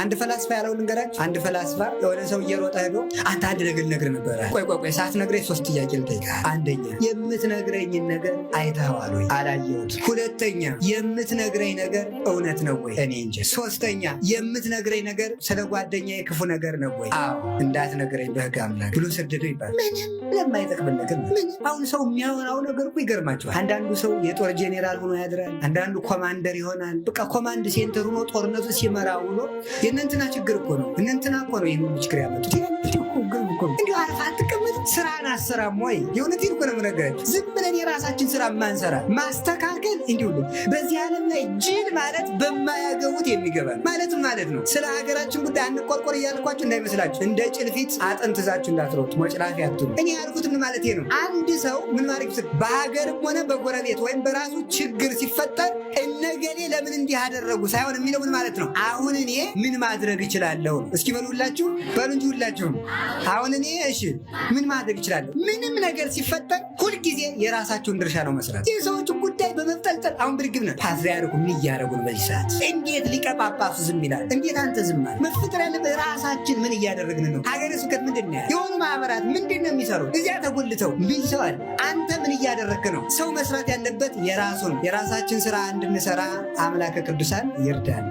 አንድ ፈላስፋ ያለው ልንገራች። አንድ ፈላስፋ የሆነ ሰው እየሮጠ ሄዶ አንተ አንድ ነገር ልነግርህ ነበረ። ቆይ ቆይ ቆይ ሳትነግረኝ ሶስት ጥያቄ ልጠይቅህ። አንደኛ የምትነግረኝን ነገር አይተኸዋል ወይ? አላየሁት። ሁለተኛ የምትነግረኝ ነገር እውነት ነው ወይ? እኔ እንጂ። ሶስተኛ የምትነግረኝ ነገር ስለ ጓደኛ የክፉ ነገር ነው ወይ? አዎ። እንዳትነግረኝ በህግ አምላክ ብሎ ሰደደ ይባላል። ምንም ለማይጠቅም ነገር ነው። አሁን ሰው የሚያወራው ነገር እኮ ይገርማቸዋል። አንዳንዱ ሰው የጦር ጄኔራል ሆኖ ያድራል። አንዳንዱ ኮማንደር ይሆናል። በቃ ኮማንድ ሴንተር ሆኖ ጦርነቱ ሲመራ ውሎ የእነንትና ችግር እኮ ነው፣ እነንትና እኮ ነው ይህን ችግር ያመጡት። እንዲሁ አርፋ አትቀመጥ። ስራን አሰራም ወይ? የእውነት እኮ ነው የምነግርህ። ዝም ብለን የራሳችን ስራ ማንሰራ ማስተካከል፣ እንዲሁ በዚህ ዓለም ላይ ጅል ማለት በማያገቡት የሚገባ ማለትም ማለት ነው። ስለ ሀገራችን ጉዳይ አንቆርቆር እያልኳችሁ እንዳይመስላችሁ። እንደ ጭልፊት አጥንት ይዛችሁ እንዳትሮጡ፣ ሞጭላፊ አትሉ። እኔ ያልኩት ምን ማለት ነው? አንድ ሰው ምን ማድረግ በሀገርም ሆነ በጎረቤት ወይም በራሱ ችግር ሲፈጠር እገሌ ለምን እንዲህ አደረጉ ሳይሆን የሚለውን ማለት ነው? አሁን እኔ ምን ማድረግ እችላለሁ? እስኪ በሉ ሁላችሁ በሉ እንጂ ሁላችሁም አሁን እኔ እሺ ምን ማድረግ እችላለሁ? ምንም ነገር ሲፈጠር ሁልጊዜ የራሳቸውን ድርሻ ነው መስራት። የሰዎች ጉዳይ በመ መሰልጠን አሁን ብርግብ ነ ፓትሪ ምን እያደረጉ ነው በዚህ ሰዓት? እንዴት ሊቀ ጳጳሱ ዝም ይላል? እንዴት አንተ ዝም አለ? ያለበት ራሳችን ምን እያደረግን ነው? ሀገረ ስብከት ምንድን ነው የሆኑ ማህበራት ምንድን ነው የሚሰሩ? እዚያ ተጎልተው ምን ይሰዋል? አንተ ምን እያደረግክ ነው? ሰው መስራት ያለበት የራሱን የራሳችን ስራ እንድንሰራ አምላከ ቅዱሳን ይርዳል።